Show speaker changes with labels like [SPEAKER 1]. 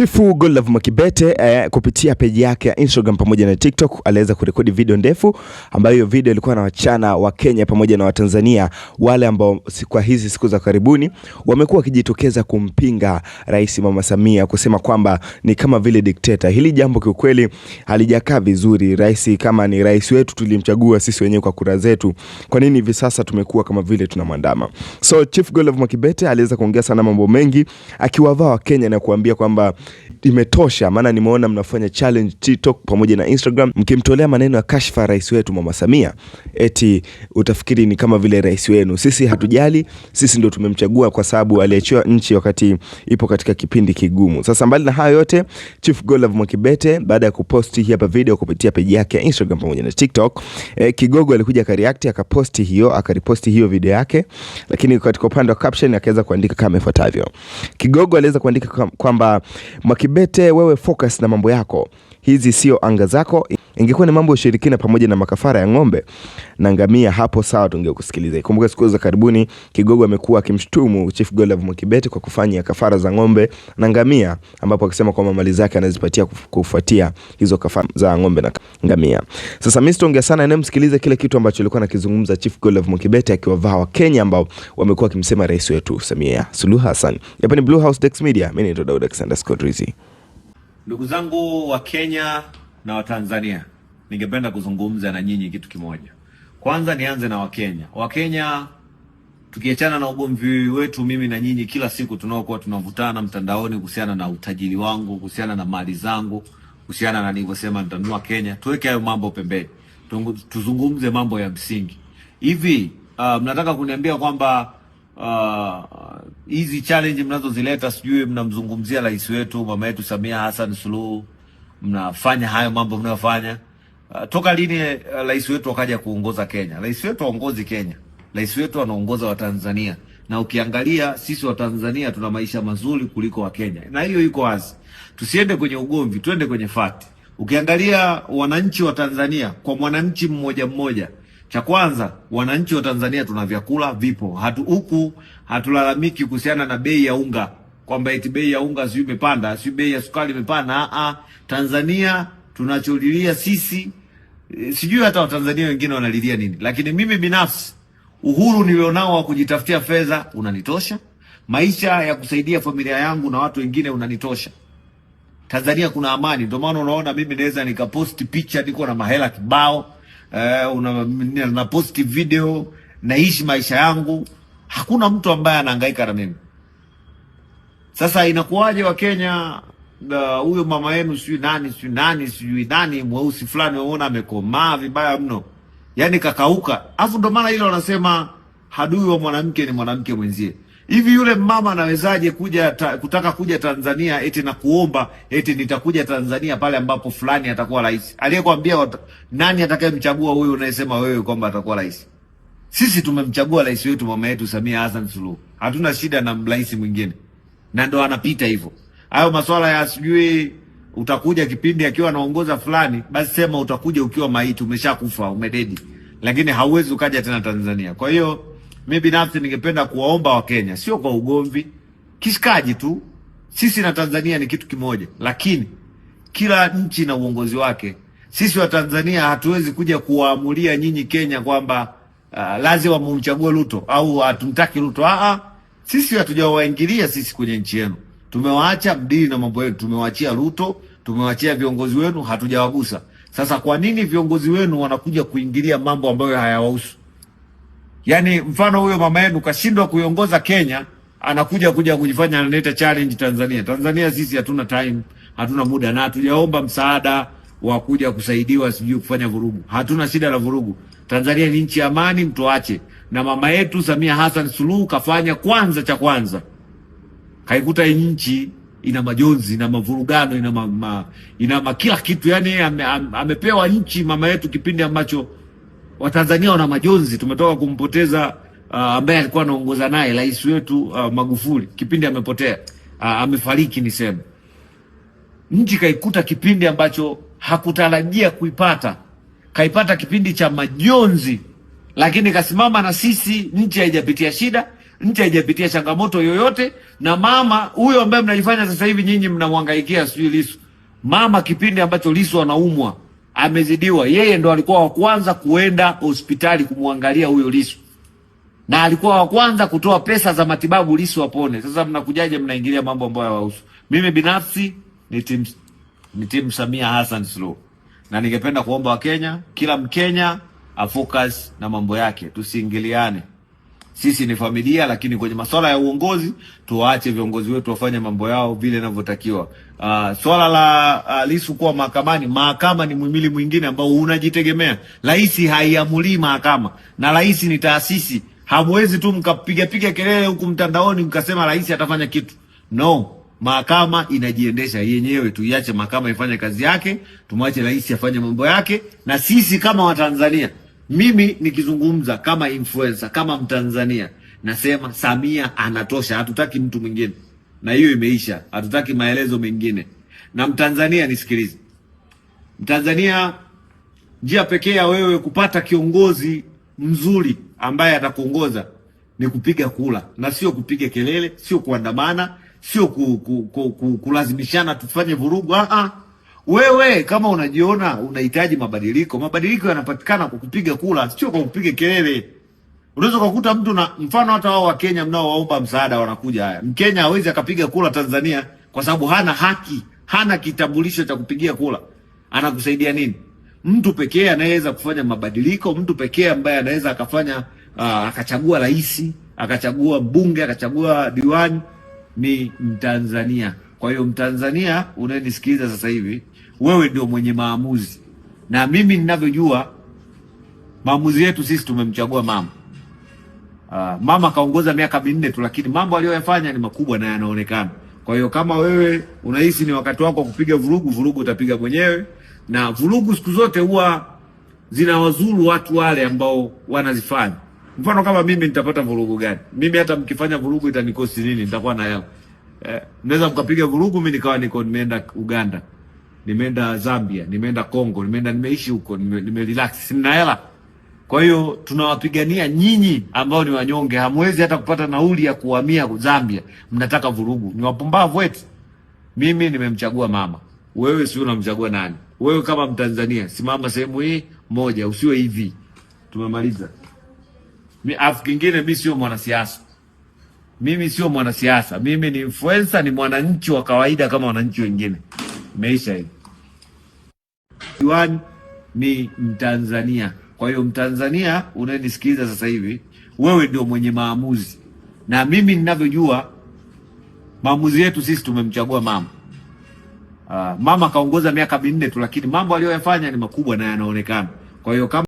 [SPEAKER 1] Chifu Godlove Mwakibete eh, kupitia peji yake ya Instagram pamoja na TikTok aliweza kurekodi video ndefu ambayo hiyo video ilikuwa na wachana wa Kenya pamoja na Watanzania wale ambao kwa hizi siku za karibuni wamekuwa wakijitokeza kumpinga Rais Mama Samia kusema kwamba ni kama vile dikteta. Hili jambo kiukweli halijakaa vizuri. Rais kama ni rais wetu, tulimchagua sisi wenyewe kwa kura zetu. Kwa nini hivi sasa tumekuwa kama vile tunamwandama? So Chief Godlove Mwakibete aliweza kuongea sana mambo mengi akiwavaa Wakenya na kuambia kwamba imetosha, maana nimeona mnafanya challenge TikTok pamoja na Instagram mkimtolea maneno ya kashfa rais wetu Mama Samia, eti utafikiri ni kama vile rais wenu. Sisi hatujali, sisi ndio tumemchagua kwa sababu aliachiwa nchi wakati ipo katika kipindi kigumu. Sasa mbali na hayo yote, Chief Godlove Mwakibete baada ya kuposti hii hapa video kupitia peji yake ya Instagram pamoja na TikTok, e, Kigogo alikuja akareact akaposti hiyo akariposti hiyo video yake, lakini katika upande wa caption akaweza kuandika kama ifuatavyo. Kigogo aliweza kuandika kwamba Mwakibete, wewe focus na mambo yako, hizi sio anga zako. Ingekuwa ni mambo ya ushirikina pamoja na makafara ya ng'ombe na ngamia, hapo sawa, tungekusikiliza. Ikumbuka siku za karibuni Kigogo amekuwa akimshtumu Chief Godlove Mwakibete kwa kufanya kafara za ng'ombe na ngamia, ambapo akisema kwamba mali zake anazipatia kufuatia hizo kafara za ng'ombe na ngamia. Sasa mimi sitaongea sana, naye msikilize kile kitu ambacho alikuwa anakizungumza Chief Godlove Mwakibete akiwavaa wa Kenya ambao wamekuwa wakimsema rais wetu Samia Suluhu Hassan. Hapa ni Blue House Dex Media, mimi ni Daud Alexander Scott Rizzi.
[SPEAKER 2] Ndugu zangu wa Kenya na Watanzania, ningependa kuzungumza na nyinyi kitu kimoja. Kwanza nianze na Wakenya. Wakenya, tukiachana na ugomvi wetu mimi na nyinyi kila siku tunaokuwa tunavutana mtandaoni kuhusiana na utajiri wangu, kuhusiana na mali zangu, kuhusiana na nilivyosema nitanunua Kenya, tuweke hayo mambo pembeni, tuzungumze mambo ya msingi. Hivi uh, mnataka kuniambia kwamba uh, hizi uh, challenge mnazozileta sijui mnamzungumzia rais wetu mama yetu Samia Hassan Suluhu mnafanya hayo mambo mnayofanya. Uh, toka lini uh, rais wetu akaja kuongoza Kenya? Rais wetu aongozi Kenya, rais wetu anaongoza Watanzania, na ukiangalia sisi Watanzania tuna maisha mazuri kuliko Wakenya, na hiyo iko wazi. Tusiende kwenye ugomvi, twende kwenye fakti. Ukiangalia wananchi wa Tanzania kwa mwananchi mmoja mmoja, cha kwanza, wananchi wa Tanzania tuna vyakula vipo, hatu huku hatulalamiki kuhusiana na bei ya unga kwamba eti bei ya unga sijui imepanda, sijui bei ya sukari imepanda. Tanzania tunacholilia sisi e, sijui hata Watanzania wengine wanalilia nini, lakini mimi binafsi uhuru nilionao wa kujitafutia fedha unanitosha, maisha ya kusaidia familia yangu na watu wengine unanitosha. Tanzania kuna amani, ndio maana unaona mimi naweza nikaposti picha niko na mahela kibao eh, una, na posti video, naishi maisha yangu, hakuna mtu ambaye anahangaika na mimi. Sasa inakuwaje Wakenya huyo uh, mama yenu sijui nani sijui nani sijui nani mweusi fulani, waona amekomaa vibaya mno, yani kakauka. Afu ndo maana ile wanasema hadui wa mwanamke ni mwanamke mwenzie. Hivi yule mama anawezaje kuja ta, kutaka kuja Tanzania eti na kuomba eti nitakuja Tanzania pale ambapo fulani atakuwa rais? Aliyekwambia nani atakayemchagua huyu unayesema wewe kwamba atakuwa rais? Sisi tumemchagua rais wetu mama yetu Samia Hassan Suluhu, hatuna shida na rais mwingine, na ndo anapita hivyo. Hayo masuala ya sijui utakuja kipindi akiwa anaongoza fulani, basi sema utakuja ukiwa maiti, umeshakufa umededi, lakini hauwezi ukaja tena Tanzania. Kwa hiyo mimi binafsi ningependa kuwaomba Wakenya, sio kwa ugomvi, kishikaji tu. Sisi na Tanzania ni kitu kimoja, lakini kila nchi na uongozi wake. Sisi wa Tanzania hatuwezi kuja kuwaamulia nyinyi Kenya kwamba uh, lazima mumchague Ruto au hatumtaki Ruto. Aa, sisi hatujawaingilia sisi kwenye nchi yenu. Tumewaacha mdili na mambo yetu, tumewaachia Ruto, tumewaachia viongozi wenu, hatujawagusa. Sasa kwa nini viongozi wenu wanakuja kuingilia mambo ambayo hayawahusu? Yaani mfano huyo mama yenu kashindwa kuiongoza Kenya, anakuja kuja kujifanya analeta challenge Tanzania. Tanzania sisi hatuna time, hatuna muda na hatujaomba msaada wa kuja kusaidiwa sijui kufanya vurugu. Hatuna shida la vurugu. Tanzania ni nchi ya amani, mtoache. Na mama yetu Samia Hassan Suluhu kafanya kwanza cha kwanza kaikuta nchi ina majonzi, ina mavurugano, ina ma, ma, ina ma, kila kitu yani ame, amepewa nchi mama yetu kipindi ambacho Watanzania wana majonzi. Tumetoka kumpoteza uh, ambaye alikuwa anaongoza naye rais wetu uh, Magufuli kipindi amepotea, uh, amefariki. Ni sema nchi kaikuta kipindi ambacho hakutarajia kuipata, kaipata kipindi cha majonzi, lakini kasimama na sisi. Nchi haijapitia shida nchi haijapitia changamoto yoyote, na mama huyo ambaye mnalifanya sasa hivi nyinyi mnamhangaikia, sijui Lisu. Mama kipindi ambacho Lisu anaumwa amezidiwa, yeye ndo alikuwa wa kwanza kuenda hospitali kumwangalia huyo Lisu, na alikuwa wa kwanza kutoa pesa za matibabu Lisu apone. Sasa mnakujaje mnaingilia mambo ambayo hayawahusu? Mimi binafsi ni timu ni timu Samia Hassan Suluhu, na ningependa kuomba Wakenya, kila Mkenya afocus na mambo yake, tusiingiliane. Sisi ni familia, lakini kwenye masuala ya uongozi tuwaache viongozi wetu wafanye mambo yao vile inavyotakiwa. Uh, swala la uh, Lissu kuwa mahakamani, mahakama ni muhimili mwingine ambao unajitegemea. Rais haiamulii mahakama, na rais ni taasisi. Hamwezi tu mkapigapiga kelele huku mtandaoni mkasema rais atafanya kitu. No, mahakama inajiendesha yenyewe, tuiache mahakama ifanye kazi yake, tumwache rais afanye mambo yake, na sisi kama Watanzania mimi nikizungumza kama influencer, kama Mtanzania nasema Samia anatosha, hatutaki mtu mwingine, na hiyo imeisha, hatutaki maelezo mengine. Na Mtanzania nisikilize, Mtanzania, njia pekee ya wewe kupata kiongozi mzuri ambaye atakuongoza ni kupiga kula, na sio kupiga kelele, sio kuandamana, sio ku, ku, ku, ku, kulazimishana tufanye vurugu. ah. ah. Wewe kama unajiona unahitaji mabadiliko, mabadiliko yanapatikana kwa kupiga kula sio kwa kupiga kelele. Unaweza ukakuta mtu na mfano hata wao wa Kenya mnaowaomba msaada wanakuja haya. Mkenya hawezi akapiga kula Tanzania kwa sababu hana haki, hana kitambulisho cha kupigia kula Anakusaidia nini? Mtu pekee anayeweza kufanya mabadiliko, mtu pekee ambaye anaweza akafanya uh, akachagua rais, akachagua mbunge, akachagua diwani ni Mtanzania. Kwa hiyo Mtanzania unayenisikiliza sasa hivi, wewe ndio mwenye maamuzi, na mimi ninavyojua maamuzi yetu sisi, tumemchagua mama. Aa, ah, mama kaongoza miaka minne tu, lakini mambo aliyoyafanya ni makubwa na yanaonekana. Kwa hiyo kama wewe unahisi ni wakati wako wa kupiga vurugu, vurugu utapiga mwenyewe, na vurugu siku zote huwa zinawazuru watu wale ambao wanazifanya. Mfano kama mimi nitapata vurugu gani? Mimi hata mkifanya vurugu itanikosi nini? Nitakuwa na hela eh, naweza mkapiga vurugu, mimi nikawa niko nimeenda Uganda, nimeenda Zambia, nimeenda Kongo, nimeenda nimeishi huko, nime, nime relax, sina hela. Kwa hiyo tunawapigania nyinyi ambao ni wanyonge, hamwezi hata kupata nauli ya kuhamia Zambia, mnataka vurugu. Ni wapumbavu wetu. Mimi nimemchagua mama, wewe si unamchagua nani? Wewe kama Mtanzania simama sehemu hii moja, usiwe hivi. Tumemaliza. Afu kingine, mi sio mwanasiasa. Mimi sio mwanasiasa, mimi ni influencer, ni mwananchi wa kawaida kama wananchi wengine. Imeisha hivi. ni Mtanzania. Kwa hiyo Mtanzania unayenisikiliza sasa hivi, wewe ndio mwenye maamuzi, na mimi ninavyojua maamuzi yetu sisi, tumemchagua mama. Uh, mama kaongoza miaka minne tu, lakini mambo aliyoyafanya ni makubwa na yanaonekana. Kwa hiyo kama